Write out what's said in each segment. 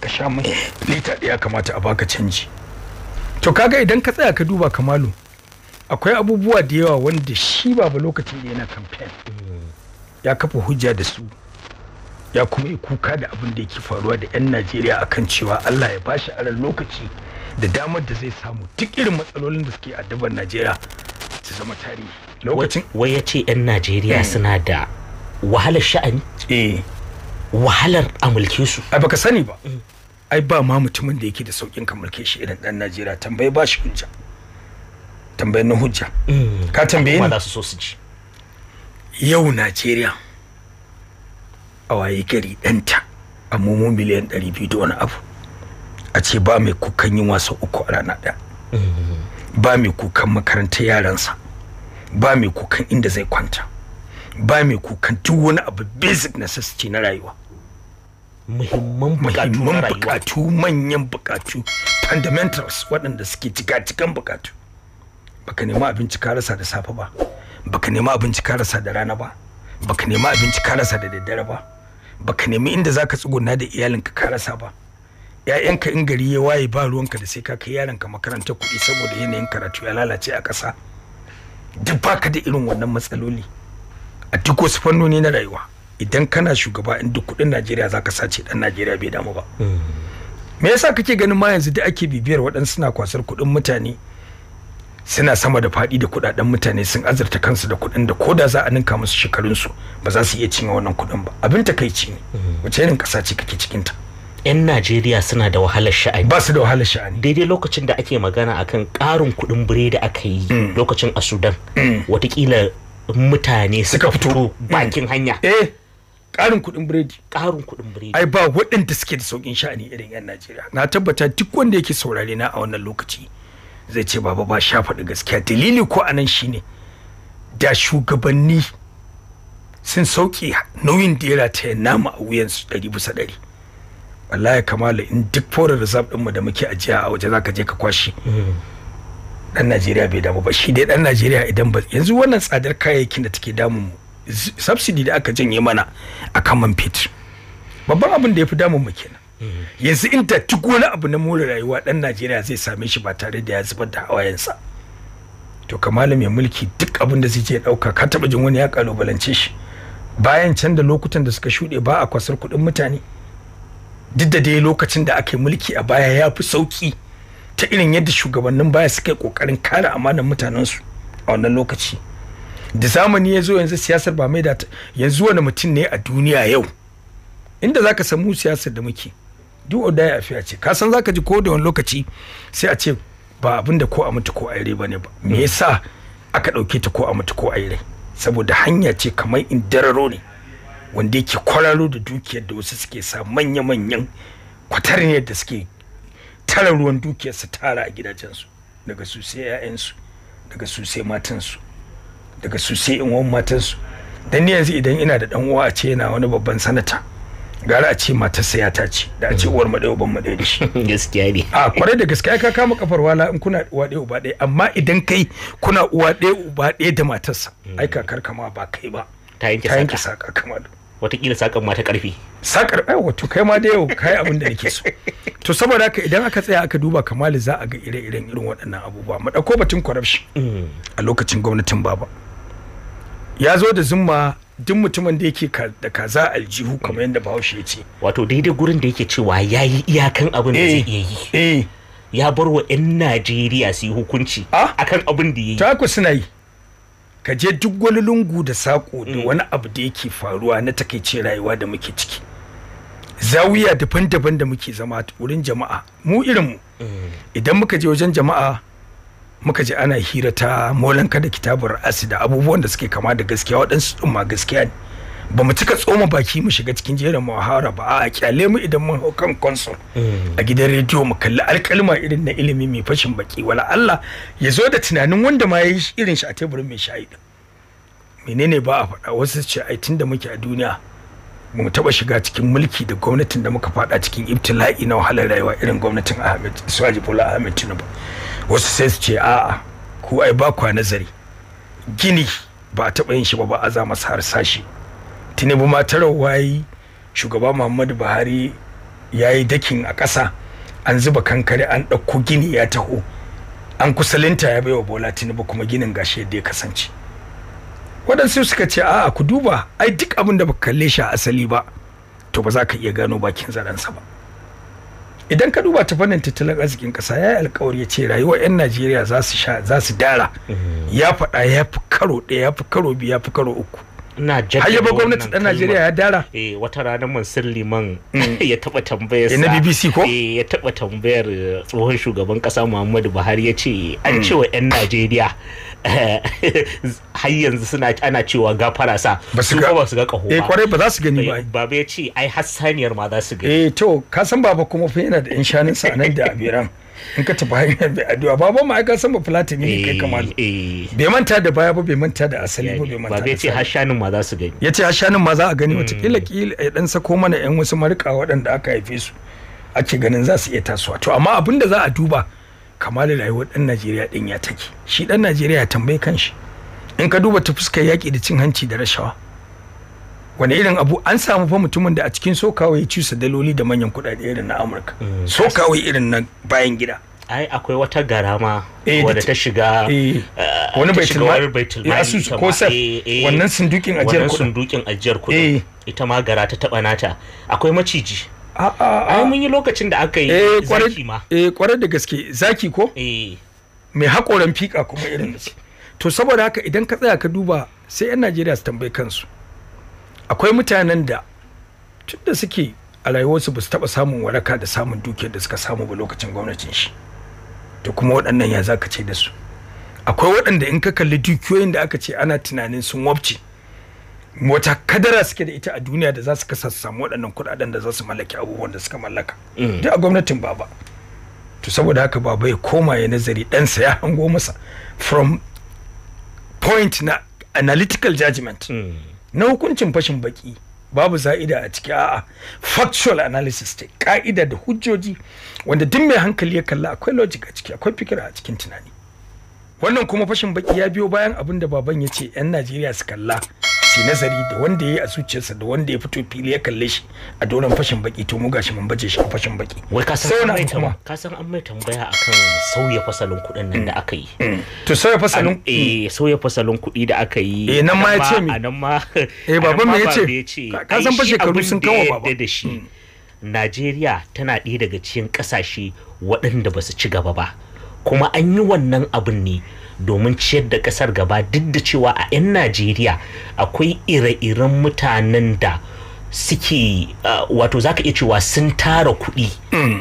ka sha mai lita ɗaya kamata a baka canji to kaga idan ka tsaya ka duba kamalu akwai abubuwa da yawa wanda shi baba lokacin da yana kamfen ya kafa hujja da su ya kuma yi kuka da abin da yake faruwa da 'yan najeriya akan cewa allah ya bashi aran lokaci da damar da zai samu duk irin matsalolin da suke addabar najeriya su zama tarihi lokacin wai ya ce 'yan najeriya hmm. suna da wahalar sha'ani eh wahalar a mulke su ai baka sani ba mm. ai ba ma mutumin da yake da saukin ka mulke shi irin dan Najeriya tambaye ba shi hujja tambaye na hujja mm. ka tambaye ni ba su so su ji yau Najeriya a waye gari ɗanta a mumu miliyan 200 da wani abu a ce ba mai kukan yin wasa uku a rana ɗaya mm. ba mai kukan makarantar sa ba mai kukan inda zai kwanta ba mai kukan duk wani abu basic necessity na rayuwa muhimman bukatu muhimman bukatu manyan bukatu fundamentals waɗanda suke cika-cikan bukatu baka nema abinci ka rasa da safe ba baka nema abinci ka rasa da rana ba baka nema abinci ka rasa da daddare ba baka nemi inda zaka tsugunna da iyalinka ka rasa ba ‘ya'yanka in gari ya waye ba ruwanka da sai ka kai yaranka makaranta kuɗi saboda yanayin karatu ya lalace a ƙasa duk baka da irin wannan matsaloli a duk wasu fannoni na rayuwa idan kana shugaba in duk kudin najeriya zaka sace dan najeriya bai damu ba hmm. me yasa kake ganin ma yanzu da ake bibiyar waɗansu suna kwasar kudin mutane suna sama da faɗi da kudaden mutane sun azurta kansu da kudin da ko da za a ninka musu shekarunsu ba za su iya cinye wannan kudin ba abin takaici ne hmm. wace irin ƙasa ce kake cikinta 'yan Najeriya suna da wahalar sha'ani. Ba su da wahalar sha'ani. Daidai lokacin da ake magana akan karin kudin biredi da aka yi hmm. lokacin a Sudan. Watakila mutane suka fito bakin hanya. Eh. karin kuɗin biredi ƙarin kuɗin biredi ai ba waɗanda suke da saukin sha'ani irin yan Najeriya na tabbata duk wanda yake saurare na a wannan lokaci zai ce baba ba sha faɗi gaskiya dalili ko anan shine da shugabanni sun sauke nauyin da ta nama a wuyansu ɗari bisa ɗari wallahi kamala in duk fora reserve ɗinmu da muke ajiya a waje zaka je ka kwashi dan mm. Najeriya bai damu ba shi dai dan Najeriya idan ba yanzu wannan tsadar kayayyakin da take damun mu subsidy da aka janye mana a man fetur babban abin da ya fi damun mu kenan yanzu in ta duk abu na more rayuwa dan Najeriya zai same shi ba tare da ya zubar da hawayensa to kamala mai mulki duk abin da zai je dauka ka taba jin wani ya kalubalance shi bayan can da lokutan da suka shuɗe ba a kwasar kuɗin mutane duk da dai lokacin da aka yi mulki a baya ya fi sauki ta irin yadda shugabannin baya suka yi ƙoƙarin kare amanan mutanensu a wannan lokaci da zamani ya zo yanzu siyasar ba mai da yanzu wani mutum ne a duniya yau inda zaka samu siyasar da muke duk da a fiya ce kasan zaka ji ko da wani lokaci sai a ce ba abin ko a mutu ko a yare bane ba me yasa aka dauke ta ko a mutu ko a yare saboda hanya ce kamar indararo ne wanda yake kwararo da dukiyar da wasu suke sa manya-manyan kwatarniyar da suke tara ruwan dukiyar su tara a gidajensu daga su sai 'ya'yansu daga su sai matansu daga su sai in wani matansu don ni yanzu idan ina da dan uwa a ce yana wani babban sanata gara a ce matarsa ya tace da a ce uwar maɗaya uban maɗaya shi gaskiya ne a kwarai da gaskiya ka kama kafar wala in kuna uwa ɗaya uba ɗaya amma idan kai kuna uwa ɗaya uba ɗaya da matarsa hmm. ai kakar kama ba kai ba ta yanke saka kamar watakila sakan mata karfi sakar ai wato kai ma da yau kai abin da nake so to saboda haka idan aka tsaya aka duba kamali za a ga ire-iren irin waɗannan abubuwa mu batun corruption hmm. a lokacin gwamnatin baba ya zo da zumma duk mutumin da yake da kaza aljihu kamar yadda bahaushe ya ce wato daidai gurin da yake cewa ya yi iyakan abin da zai eh, iya yi eh. ya bar wa 'yan najeriya su yi hukunci ah? akan abin da ya yi taku suna yi ka je duk wani lungu da saƙo da mm. wani abu da yake faruwa na takaice rayuwa da muke ciki zawiya daban-daban da muke zama wurin jama'a mu irin mu. Mm. idan muka je wajen jama'a muka ji ana hira ta molanka da kitabar asi da abubuwan da suke kama da gaskiya waɗansu ɗin ma gaskiya ne ba mu cika tsoma baki mu shiga cikin jerin muhawara ba a kyale mu idan mun hau kan konsul hmm. a gidan rediyo mu kalli alkalma irin na ilimi mai fashin baki wala Allah ya zo da tunanin wanda ma ya yi irin shi a teburin mai shayi menene ba a faɗa wasu ce ai da muke a duniya ba mu taɓa shiga cikin mulki da gwamnatin da muka faɗa cikin ibtila'i na wahalar rayuwa irin gwamnatin Ahmed Suwaji Bola Ahmed Tinubu wasu sai su ce a'a ku ai ba kwa nazari gini ba a taɓa yin shi ba ba a za masa harsashi tinubu ma ta wayi shugaba muhammadu buhari ya yi dakin a ƙasa an zuba kankare an ɗauko gini ya taho an kusa linta ya baiwa bola tinubu kuma ginin gashi yadda ya kasance waɗansu suka ce a'a ku duba ai duk abin da ba kalle shi a asali ba to ba za ka iya gano bakin zaransa ba idan ka duba ta fannin tattalin arzikin kasa ya yi alkawari ya ce rayuwar 'yan najeriya za su dara mm. ya faɗa ya fi karo ɗaya ya fi karo biyu ya fi karo uku ina jaddada ba gwamnati dan Najeriya ya dara eh wata rana Mansur Liman mm. ya taba tambayar sa eh, na BBC ko eh ya taba tambayar eh, tsohon shugaban kasa Muhammadu Buhari ya ce an mm. cewa yan Najeriya eh, har yanzu suna ana cewa gafara sa su ba su ga kaho ba eh kwarai ba za su gani ba baba ya ce ai hassaniyar ma za su gani eh to ka san baba kuma fa yana da inshanin sa nan da abiran in ka tafi hanyar bai addu'a ba ma ka san ba ne kai eh, kamar eh. bai manta da baya ba bai manta da asali ba bai manta da ce har shanin ma za su gani yace har shanin ma za a gani hmm. wata kila kila ya dan sako mana yan wasu marika waɗanda aka haife su ake ganin za su iya tasowa to amma abin da za a duba kamar rayuwar dan Najeriya din ya take shi dan Najeriya ya tambayi kanshi in ka duba ta fuskar yaki da cin hanci da rashawa wani irin abu an samu fa mutumin da a cikin sokawai ya cusa daloli da manyan kudade irin na amurka mm. sokawai irin na bayan gida ai akwai wata garama eh, wadda ta shiga eh, eh, wani baitul asus ko sef wannan sundukin ajiyar kudin sundukin ajiyar kudin ita ma gara ta taba nata akwai maciji ai mun yi lokacin da aka yi zaki ma eh kware da gaske zaki ko eh mai hakoran fika kuma irin to saboda haka idan ka tsaya ka duba sai yan Najeriya su tambaye kansu akwai mutanen da tun da suke a rayuwarsu ba su taɓa samun waraka da samun dukiyar da suka samu ba lokacin gwamnatin shi to kuma waɗannan ya zaka ce da su akwai waɗanda in ka kalli dukiyoyin da aka ce ana tunanin sun wabce wata kadara suke da ita a duniya da za su kasa su samu waɗannan kuɗaɗen da za su mallaki abubuwan da suka mallaka mm. duk a gwamnatin baba to saboda haka baba ya koma ya nazari ɗansa ya hango masa from point na analytical judgment mm. na hukuncin fashin baki babu za'ida a ciki a'a factual analysis ce ka'ida da hujjoji wanda duk mai hankali ya kalla akwai logic a ciki akwai fikira a cikin tunani wannan kuma fashin baki ya biyo bayan abin da baban ya ce 'yan najeriya su kalla su nazari da wanda ya yi a zuciyarsa da wanda ya fito fili ya kalle shi a doron fashin baki to mu gashi mun baje shi a fashin baki wai ka san an ka san an mai tambaya akan sauya fasalin kuɗin nan da mm. aka yi mm. to sauya fasalin eh mm. sauya fasalin kuɗi da aka yi eh nan ma ya ce mi nan ma eh baban me ya ce ka san fashe karu sun kawo baba da shi Najeriya tana ɗaya daga cikin ƙasashe waɗanda ba su ci gaba ba kuma an yi wannan abin ne domin ciyar da kasar gaba duk da cewa a 'yan najeriya akwai ire-iren mutanen da suke wato za ka iya cewa sun tara kuɗi mm.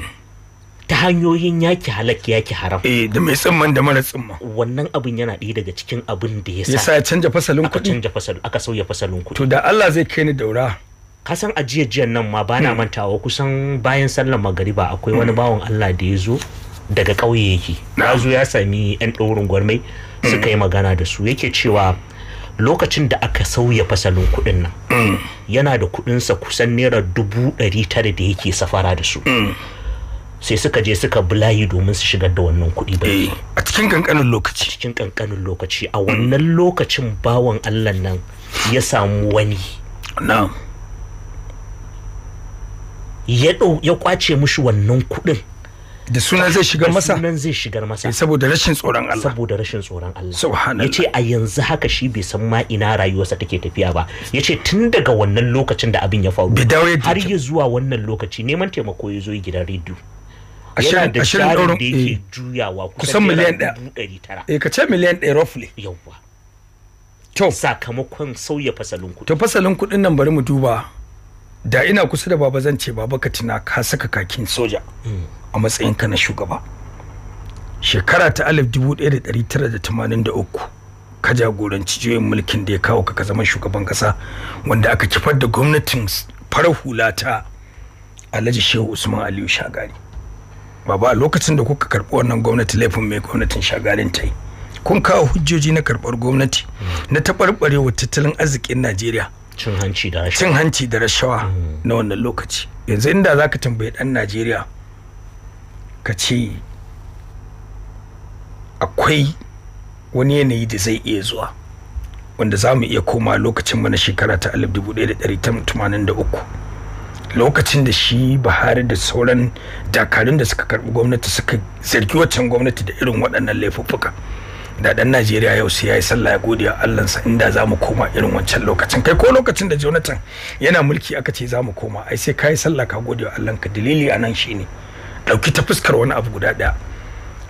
ta hanyoyin yaki halakki yaki haram eh da mai tsimman da mara tsimma wannan abin yana ɗaya daga cikin abin da ya sa ya canja fasalin kuɗi aka canja fasalin aka sauya fasalin kuɗi to da Allah zai kai ni daura kasan ajiyar jiyan nan ma bana mm. mantawa kusan bayan sallar magariba akwai wani mm. bawan Allah da ya zo daga ƙauye yake ya zo ya sami 'yan ɗorin gwarmai suka yi magana da su yake cewa lokacin da aka sauya fasalin kuɗin nan yana da kuɗinsa kusan naira dubu ɗari tara da yake safara da su sai suka je suka bulayi domin su shigar da wannan kuɗi ba eh, a cikin kankanin lokaci cikin kankanin lokaci a wannan lokacin bawan allah nan ya samu wani ya kwace mushi wannan kuɗin da sunan zai shigar masa sunan zai shigar masa eh, saboda rashin tsoron Allah saboda rashin tsoron Allah subhanallah yace a yanzu haka shi bai san ma ina rayuwarsa take tafiya ba yace tun daga wannan lokacin da abin ya faru har ya zuwa wannan lokaci neman taimako ya zo gidan rediyo yana da jarin da yake eh, juyawa kusan miliyan ɗaya eh ka ce miliyan ɗaya roughly yawwa to sakamakon sauya fasalin kuɗi to fasalin kuɗin nan bari mu duba da ina kusa da baba zan ce baba ka tuna ka saka kakin soja a matsayin ka na shugaba shekara ta 1983 ka jagoranci juyin mulkin da ya kawo ka zama shugaban kasa wanda aka kifar da gwamnatin farar hula ta alhaji shehu usman aliyu shagari baba a lokacin da kuka karɓi wannan gwamnati laifin mai gwamnatin shagarin ta yi kun kawo hujjoji na karɓar gwamnati na taɓarɓarewa tattalin arzikin najeriya cin hanci da rashawa cin hanci da rashawa mm. na wannan lokaci yanzu inda za ka tambayi ɗan najeriya ka ce akwai wani yanayi da zai iya zuwa wanda za mu iya koma lokacin mana shekara ta 1983 lokacin da shi buhari da sauran dakarun da suka karbi gwamnati suka zargi waccan gwamnati da irin waɗannan laifuffuka da dan Najeriya yau sai yayi sallah ya gode wa Allah sa inda zamu koma irin wancan lokacin kai ko lokacin da Jonathan yana mulki aka ce zamu koma ai sai kai sallah ka gode wa Allah ka dalili anan shine dauki ta fuskar wani abu guda daya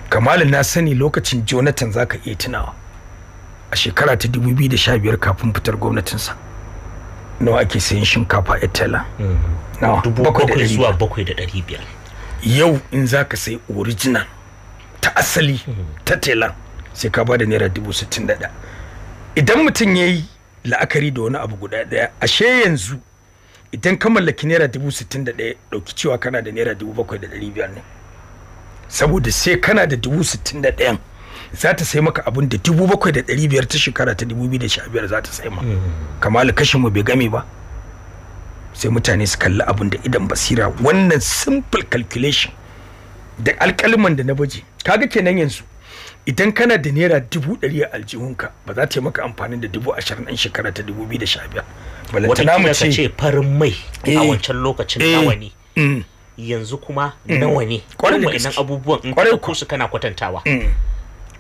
kamalin na sani lokacin Jonathan zaka iya tunawa a shekara ta 2015 kafin fitar gwamnatin sa nawa ake sayan shinkafa a tela mm-hmm. zuwa bakwai da ɗari biyar yau in zaka sai original ta asali mm-hmm. ta tailan. sai ka bada naira dubu sittin da ɗaya idan mutum ya yi la'akari da wani abu guda ɗaya ashe yanzu idan ka mallaki naira dubu sittin da ɗaya ɗauki cewa kana da naira dubu bakwai da ɗari biyar ne saboda sai kana da dubu sittin da ɗayan za ta sai maka abun da dubu bakwai da ɗari biyar ta shekara ta dubu biyu da sha biyar za ta sai ma mm. kamar kashin mu bai game ba sai mutane su kalli abun da idan basira wannan simple calculation da alkaliman da na baje kaga kenan yanzu idan kana da naira dubu ɗari a aljihunka ba za ta yi maka amfani da dubu ashirin an shekara ta dubu biyu da sha biyar. Wata mu ce farin mai a eh. wancan lokacin eh. nawa ne. Mm. Yanzu kuma mm. nawa ne. Kwarai da gaske. abubuwan in ka su kana kwatantawa. Mm.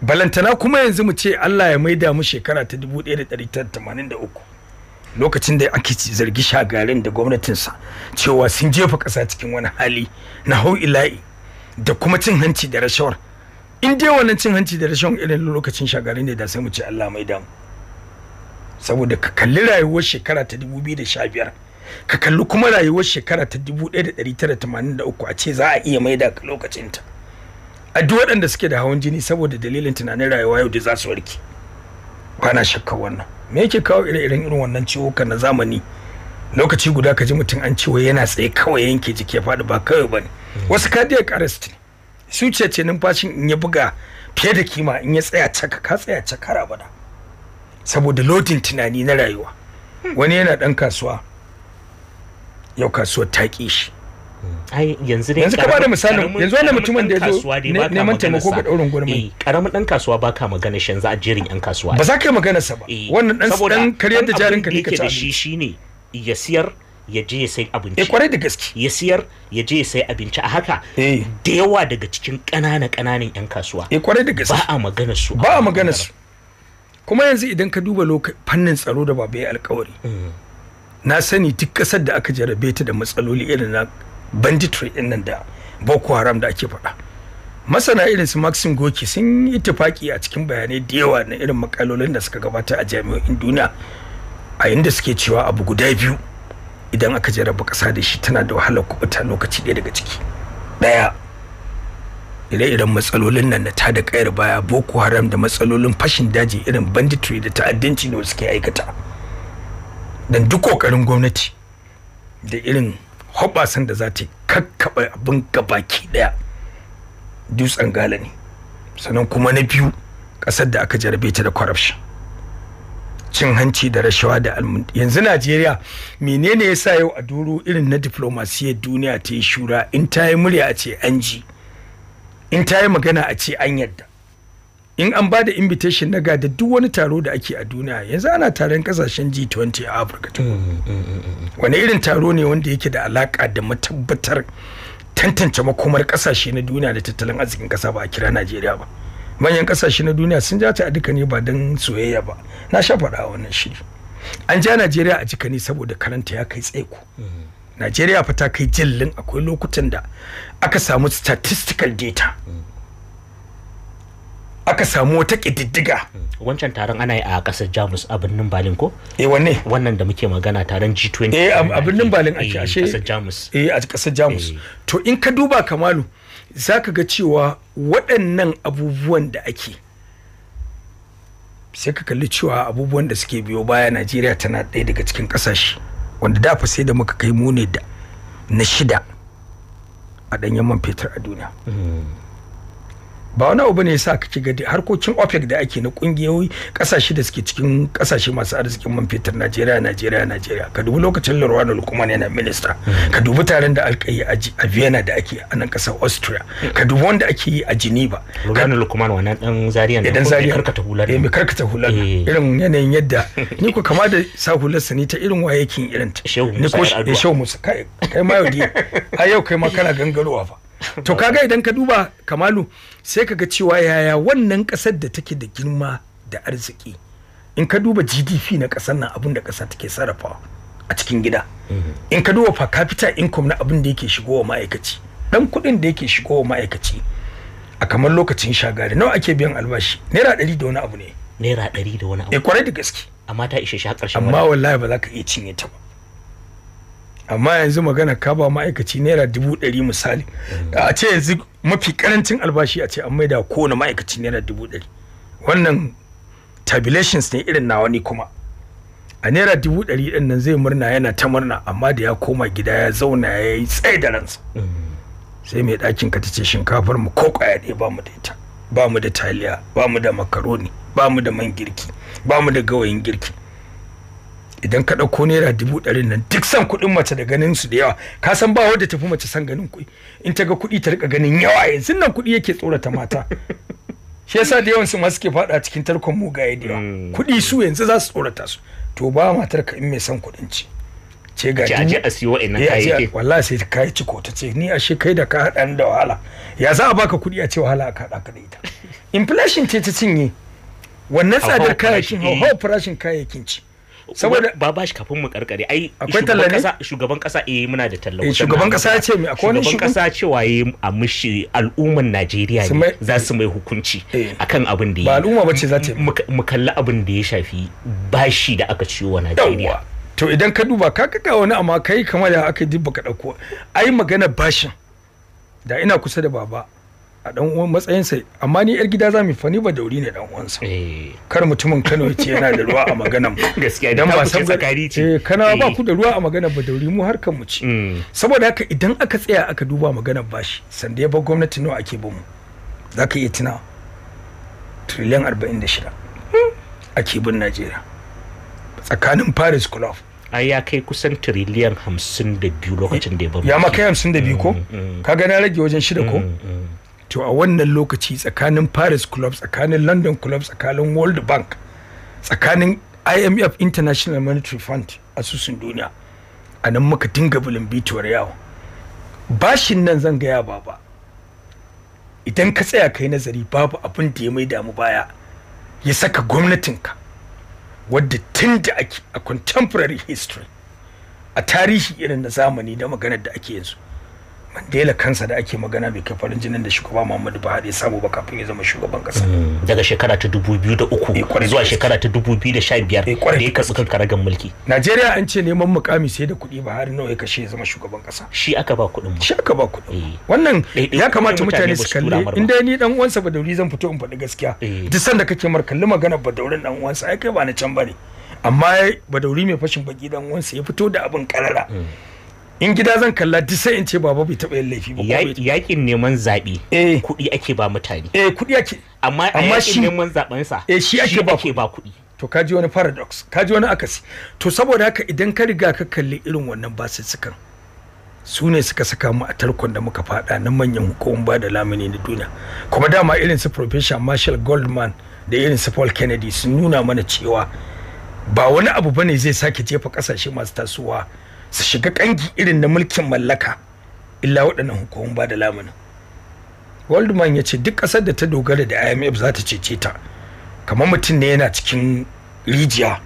Balantana kuma yanzu mu ce Allah ya maida mu shekara ta dubu ɗaya da ɗari tara tamanin da uku. Lokacin da ake zargi shagarin da gwamnatinsa cewa sun jefa ƙasa cikin wani hali na hau ila'i da kuma cin hanci da rashawar in dai wannan cin hanci da rashin irin lokacin shagari ne da sai mu ce Allah mai dan saboda ka kalli rayuwar shekara ta 2015 ka kalli kuma rayuwar shekara ta 1983 a ce za a iya maida ka lokacinta a duk waɗanda suke da hawan jini saboda dalilin tunanin rayuwa yau da za su warke bana shakkar wannan me yake kawo ire-iren irin wannan ciwuka na zamani lokaci guda ka ji mutum an ciwo yana tsaye kawai yanke jiki ya faɗi ba kawai ba ne mm. wasu cardiac arrest ne zuciya ce numfashin in ya buga fiye da kima in ya tsaya caka ka tsaya cakara bada saboda lodin tunani na rayuwa wani yana dan kasuwa yau kasuwar ta ki shi yanzu dai yanzu ka bada misali yanzu wannan mutumin da ya zo neman taimako ga daurin gurmi karamin eh, dan kasuwa ba ka magana shan za a jerin yan kasuwa ba za ka yi magana sa ba eh, wannan dan dan kariyar da jarin ka ne ka ci shi shine ya siyar ya je ya sai abinci ya eh, kwarai da gaske ya siyar ya je ya sai abinci a haka eh. da yawa daga cikin ƙanana ƙananan yan kasuwa ya eh, kwarai da gaske ba a magana su ba a magana su kuma yanzu idan ka duba fannin tsaro da ba bai alkawari mm. na sani duk ƙasar da aka jarabe ta da matsaloli irin na banditry din nan da boko haram da ake faɗa masana irin su maxim goki sun yi tufaki a cikin bayanai da yawa na irin makalolin da suka gabata a jami'o'in duniya a inda suke cewa abu guda biyu idan aka jaraba ƙasa da shi tana da wahalar kubuta lokaci ɗaya daga ciki ɗaya ire-iren matsalolin nan na ta da kayar baya boko haram da matsalolin fashin daji irin banditry da ta'addanci da suke aikata don duk kokarin gwamnati da irin hoɓasan da za ta kakkaɓa abin gabaki ɗaya dutsen gala ne sannan kuma na biyu ƙasar da aka jarabe ta da corruption cin hanci da rashawa da almundi. yanzu najeriya menene ya sa yau a duru irin na diflomasiyyar duniya ta yi shura in ta yi murya a ce an ji in ta yi magana a ce an yadda in an ba da invitation na gada duk wani taro da ake a duniya yanzu ana taron kasashen g20 a afirka mm, mm, mm, wani irin taro ne wanda yake da alaka da matabbatar tantance makomar kasashe na duniya da tattalin arzikin kasa ba a kira najeriya ba manyan kasashe na duniya sun ja ta a duka ne ba don soyayya ba na sha faɗa a wannan shiri an ja najeriya a jika ne saboda karanta ya kai tsaiko mm. najeriya fa ta kai jillin akwai lokutan da aka samu statistical data mm. aka samu wata ƙididdiga mm. wancan taron ana yi a ƙasar jamus a birnin balin ko eh wanne wannan da muke magana taron g20 eh a birnin balin a ƙasar jamus eh a ƙasar jamus eh. to in ka duba kamalu za ka ga cewa waɗannan abubuwan da ake sai ka kalli cewa abubuwan da suke biyo baya najeriya tana ɗaya daga cikin ƙasashe wanda dafa sai da muka kai mu da na shida a ɗanyen man fetur a duniya hmm. ba wani abu ne yasa ka gadi harkokin OPEC da ake na kungiyoyi kasashe da suke cikin kasashe masu arzikin man fetur Najeriya Najeriya Najeriya ka dubi lokacin Lurwana Lukman yana minista ka dubi taron da alkayi a Vienna da ake a nan kasar Austria ka dubi wanda ake yi a Geneva Lurwana Lukman wannan dan zariya ne dan zariya karkata hular eh mai karkata hular eh. irin yanayin yadda ni ko kama da sa hular sa ta irin waye kin irin ta ni ko eh, shehu Musa kai kai ma yau a yau kai ma kana gangarowa fa to kaga idan ka duba kamalu sai ka ga cewa yaya wannan kasar da take da girma da arziki in ka duba gdp na kasar nan abin da kasa take sarrafawa a cikin gida in ka duba per capita income na abinda yake shigowa ma'aikaci dan kuɗin da yake shigowa ma'aikaci a kamar lokacin shagari nawa ake biyan albashi naira ɗari da wani abu ne naira ɗari da wani abu e eh, kwarai da gaske amma ta ishe shi har ƙarshen amma wallahi ba za ka iya cinye ta ba amma yanzu magana ka ba ma'aikaci naira dubu ɗari misali a ce yanzu mafi karancin albashi a ce an maida kowane ma'aikaci naira dubu ɗari wannan tabulations ne irin nawa ne kuma a naira dubu ɗari ɗin nan zai murna yana ta murna amma da ya koma gida ya zauna ya yi tsaye da ransa sai mai ɗakin ka ta ce shinkafar mu ko ƙwaya ɗaya ba mu da ita ba mu da taliya ba mu da makaroni ba mu da man girki ba mu da gawayin girki idan ka ɗauko naira dubu ɗari nan duk san kuɗin mace da ganin su da yawa ka san ba wadda tafi mace san ganin kuɗi in ta ga kuɗi ta rika ganin yawa yanzu nan kuɗi yake tsorata mata shi yasa da yawan su ma suke faɗa cikin tarkon mugaye da yawa hmm. kuɗi su yanzu za su tsorata su to ba matar ka in mai san kuɗin ci ce ga ji aje a siyo wa'annan eh, kayayyaki wallahi sai ka yi ciko ta ce ni ashe kai da ka haɗa da wahala ya za a baka kuɗi a ce wahala aka haɗa ka da ita inflation ce ta cinye wannan tsadar kayayyakin hauhawar farashin kayayyakin eh. ci saboda ba ba shi kafin mu karkare ai akwai talla ne shugaban kasa eh muna da talla eh, shugaban kasa ya ce me akwai wani shugaban kasa cewa yayi a mushi al'umman Najeriya ne za su mai hukunci eh. akan abin da ba al'umma bace za ta mu kalli abin da ya shafi bashi da aka ciwo wa Najeriya to idan ka duba ka kaga wani amma kai kamar da aka dibba ka dauko ai magana bashin da ina kusa da baba a dan uwan matsayinsa amma ni yar gida za mu fani ba dauri ne dan uwansa eh. kar mutumin Kano ce yana da ruwa a maganan gaskiya dan ba san tsakari ce eh, kana ba eh. ku da ruwa a maganan ba dauri mu harkan mu ci mm. saboda haka idan aka tsaya aka duba maganar bashi sanda ya ba gwamnati nawa ake mu zaka iya tuna triliyan 46 ake bin Najeriya tsakanin Paris Club a ya kai kusan trillion 52 lokacin da ya ba ya ma kai 52 ko mm, mm. kaga na rage wajen shida ko to a wannan lokaci tsakanin paris club tsakanin london club tsakanin world bank tsakanin imf international monetary fund asusun duniya a nan muka dinga bilin bituwar yawo bashin nan zan gaya ba ba. idan ka tsaya kai nazari babu abin da ya mai damu baya ya saka gwamnatinka wadda tun da a contemporary history a tarihi irin na zamani da maganar da ake yanzu Mandela kansa da ake magana bai kai farin jinin da shugaba Muhammadu Buhari ya samu ba kafin ya zama shugaban kasa. Hmm. Daga shekara ta 2003 eh, zuwa shekara ta 2015 eh, da ya kasu kan karagan mulki. Najeriya an ce neman mukami sai da kuɗi Buhari nawa ya kashe ya zama shugaban kasa. Shi aka ba kuɗin mu. Shi aka ba kuɗin. Eh. Wannan ya kamata mutane su kalli in dai ni dan uwansa Badauri zan fito in faɗi gaskiya. Duk sanda kake mar kalli ba Badaurin dan uwansa ai kai ba na can bane. Amma Badauri mai fashin baki dan uwansa ya fito da abin karara. Hmm. in gida zan kalla duk sai in ce baba bai taɓa yin laifi ba yakin neman zaɓe eh kuɗi ake ba mutane eh kuɗi ake amma a shi neman zaɓen sa eh shi ake ba kuɗi to kaji wani paradox kaji wani akasi to saboda haka idan ka riga ka kalli irin wannan basussukan su ne suka saka mu a tarkon da muka fada na manyan hukumar ba da lamuni na duniya kuma dama irin su professor marshall goldman da irin su paul kennedy sun nuna mana cewa ba wani abu bane zai sake jefa kasashe masu tasowa su shiga kangi irin na mulkin mallaka illa waɗannan hukumomin ba da goldman ya ce duk ƙasar da ta dogara da imf za ta cece ta kamar mutum ne yana cikin rijiya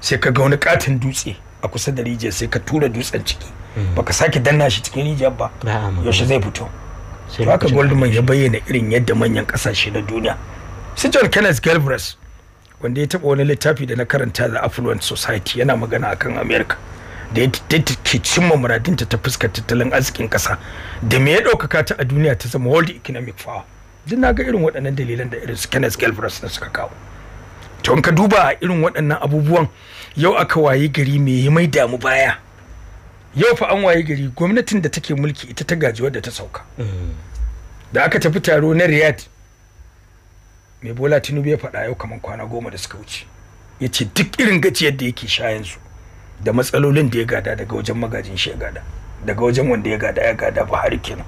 sai ka ga wani katin dutse a kusa da rijiya sai ka tura dutsen ciki hmm. baka sake danna shi cikin rijiyar ba yaushe zai fito to haka goldman ya bayyana irin yadda manyan ƙasashe na duniya sai john kenneth galbraith wanda ya taɓa wani littafi da na karanta da affluent society yana magana akan america da ya ke cimma muradinta ta fuska tattalin arzikin kasa da me ya ɗaukaka ta a duniya ta zama world economic power duk na ga irin waɗannan dalilan da irin su kenneth galbraith na suka kawo to in ka duba a irin waɗannan abubuwan yau aka waye gari me ya mai damu baya yau fa an waye gari gwamnatin da take mulki ita ta gaji wadda ta sauka mm. da aka tafi taro na riyad mai bola tinubu ya faɗa yau kamar kwana goma da suka wuce ya ce duk irin gajiyar da yake sha yanzu da matsalolin da ya gada daga wajen magajin shi ya gada daga wajen wanda ya gada ya gada ba har kenan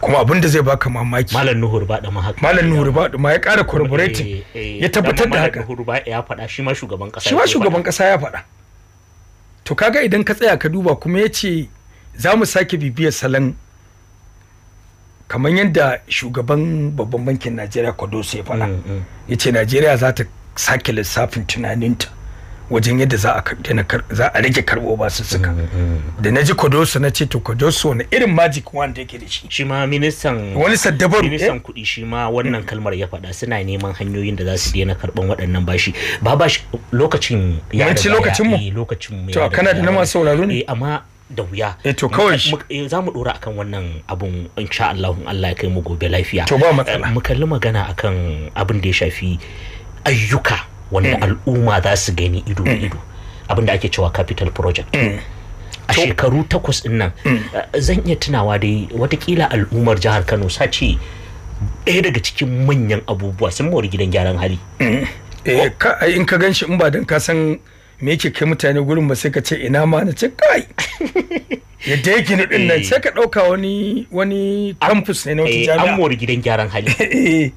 kuma abin da zai baka mamaki malam nuhur ba da mahaka malam nuhur ba da ma ya kara corroborating eh, eh, ya eh, tabbatar da haka nuhur ba ya faɗa shi ma shugaban kasa shi ma shugaban kasa ya faɗa to kaga idan ka tsaya ka duba kuma ya ce za mu sake bibiyar salon kamar yadda shugaban babban bankin najeriya kwadoso ya faɗa mm, mm. ya ce najeriya za ta sake lissafin tunaninta wajen yadda za a rage karɓo ba su suka mm, mm, mm, da na ji na ce to kodosu wani irin magic wand yake da shi shi ma ministan wani saddabaru ministan eh? kuɗi shi ma wannan kalmar ya faɗa suna neman hanyoyin da za su daina karɓan waɗannan bashi ba ba lokacin ya ci lokacin mu eh, lokacin mu to kana da na masu sauraro ne eh, amma da wuya. eh to kawai za mu dora akan wannan abun insha Allah Allah ya kai mu gobe lafiya. To ba matsala. Mu kalli magana akan abin da ya shafi ayyuka wanda mm. al'umma za su gani ido mm. ido abin da ake cewa capital project mm. a shekaru takwas din nan eh, zan iya tunawa dai watakila al'ummar jihar kano sace ɗaya daga cikin manyan abubuwa sun mori gidan gyaran hali eh, in ka gan shi in ba don ka san me yake kai mutane gurin ba sai ka ce ina ma na ce kai yadda yake ni din nan eh. sai ka dauka wani wani campus ne na wata jami'a an mori gidan gyaran hali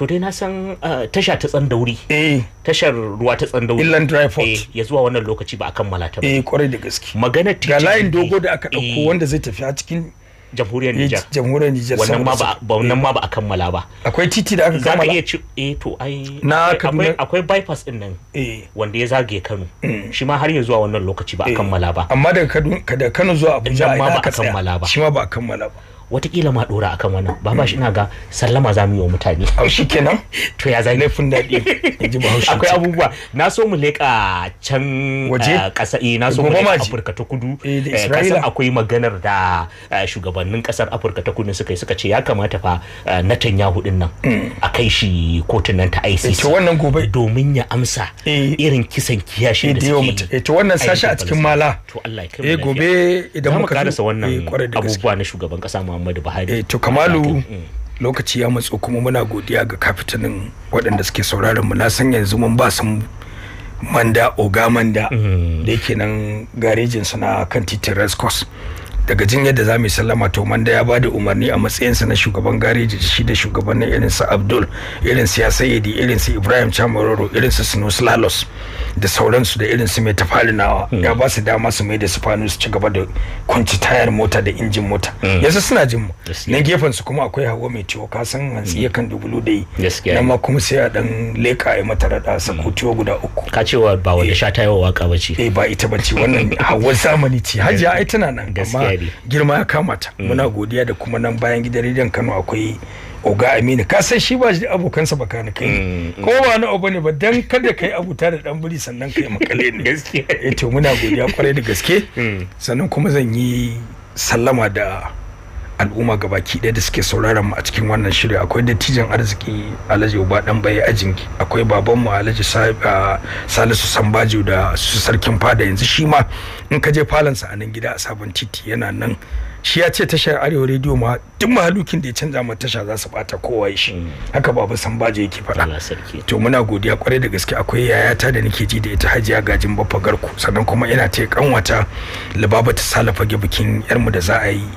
to dai na san ah, tasha ta tsandauri eh tashar ruwa ta tsandauri inland dry port eh ya zuwa wannan lokaci ba a kammala ta ba eh kwarai da gaske magana ga layin dogo da aka dauko eh. wanda zai tafi a cikin jamhuriyar eh, Nijar jamhuriyar wannan ma ba wannan ma ba a kammala ba akwai titi da aka kammala za iya ci eh to ai na akwai akwai bypass din nan eh wanda ya zage Kano mm. shi ma har ya zuwa wannan lokaci ba a eh. kammala ba amma daga Kano daga Kano zuwa Abuja ba a kammala ba shi ma ba a kammala ba watakila ma dora akan wannan ba ba shi ina ga sallama za mu yi wa mutane haushi kenan to ya zai laifin daɗi akwai abubuwa na so mu leƙa can eh, ƙasa eh na so mu leƙa Afirka ta kudu eh, eh, kasar akwai maganar da shugabannin kasar Afirka ta kudu suka yi suka ce ya kamata fa na tanya hudin nan mm. a kai shi kotun nan ta ICC to wannan gobe domin ya amsa irin kisan kiyashi da suke yi to wannan sashi a cikin mala to Allah ya kai mu gobe idan muka karasa wannan abubuwa na shugaban kasa ma muhammadu buhari eh, to kamalu mm. lokaci ya matso kuma muna godiya ga kafitanin waɗanda suke sauraron mu na san yanzu mun ba su manda oga manda mm. da yake nan garejin na kan titin rescos daga jin yadda za mu yi sallama to manda ya bada umarni a matsayinsa na shugaban gareji da shi da shugabannin irin su abdul irin su yasayidi irin su ibrahim chamororo irin su sinus lalos da sauransu da irin su mai tafalinawa hmm. ya ba su dama su mai da sufanu su ci gaba da kunci tayar mota da injin mota hmm. yanzu suna jin mu na gefen su kuma akwai hawa mai ciwo ka san hantsi hmm. yakan dubulu da yi nan ma kuma sai a dan leka ya mata rada sakutiyo guda uku ka cewa ba wanda eh. sha wa waka ba ce eh, ba ita ba ce wannan hawa zamani ce hajiya ai tana nan gaskiya girma ya kamata mm. muna godiya da kuma nan bayan gidan rediyon kano akwai oga aminu ka san shi ba shi abokansa ba kana kai mm, mm. ko ba na abu ne ba dan kada kai abuta da dan buri sannan kai makale ne gaske eh to muna godiya kwarai da gaske sannan kuma zan yi sallama da al'umma gabaki ɗaya da suke sauraron mu a cikin wannan shirin akwai dattijan arziki alhaji uba dan bai ajinki akwai babanmu alhaji salisu sambajo da su sarkin fada yanzu shi ma in ka je falansa a nan gida a sabon titi yana nan shi ya ce tashar arewa rediyo ma duk mahalukin da ya canza ma tasha za su bata kowa shi haka babu sambaji yake faɗa to muna godiya kwarai da gaske akwai yayata da nake ji da ita hajiya gajin baffa garku sannan kuma ina ta kanwata libaba ta salafa bikin yarmu da za a yi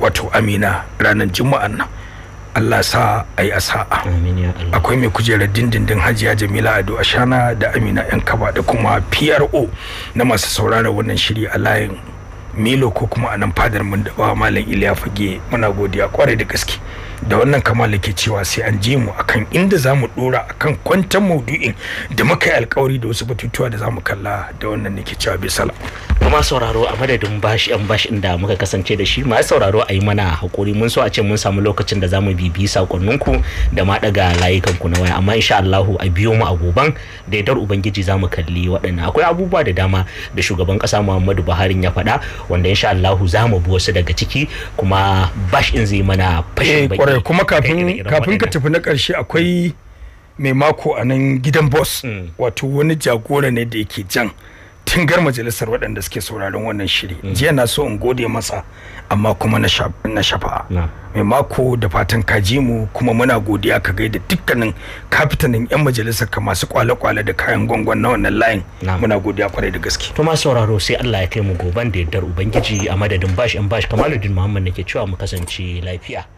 wato amina ranar juma'an nan Allah sa a yi asa'a akwai mai kujerar dindindin hajiya jamila ado ashana da amina yan kaba da kuma pro na masu sauraron wannan shiri a layin milo ko kuma a nan fadar mun da malam iliya fage muna godiya kwarai da gaske da wannan kama ke cewa sai an je mu akan inda za mu dora akan kwantan maudu'in da muka yi alkawari da wasu batutuwa da za mu kalla da wannan nake cewa bai sala kuma sauraro a madadin bashi yan bashin da muka kasance da shi masu sauraro a yi mana hakuri mun so a ce mun samu lokacin da za mu bibi sakonninku da ma daga layukanku na waya amma insha Allahu a biyo mu a goban da yardar ubangiji za mu kalli waɗannan akwai abubuwa da dama da shugaban ƙasa Muhammadu Buhari ya faɗa wanda insha Allahu za mu bi wasu daga ciki kuma bashin in zai mana fashin eh, kwarai kuma kafin kafin ka tafi na karshe akwai mai mako a nan gidan boss mm. wato wani jagora ne da yake jan tingar majalisar waɗanda suke sauraron wannan shiri mm. jiya na so in gode masa amma kuma na shafa mai mako da fatan kaji mu kuma muna godiya ka gai da dukkanin kafitanin yan majalisar ka masu kwale-kwale da kayan gwangwan na wannan layin muna godiya kwarai da gaske to masu sauraro sai Allah ya kai mu goban da yardar ubangiji a madadin bashi in bashi kamaluddin muhammad nake cewa mu kasance lafiya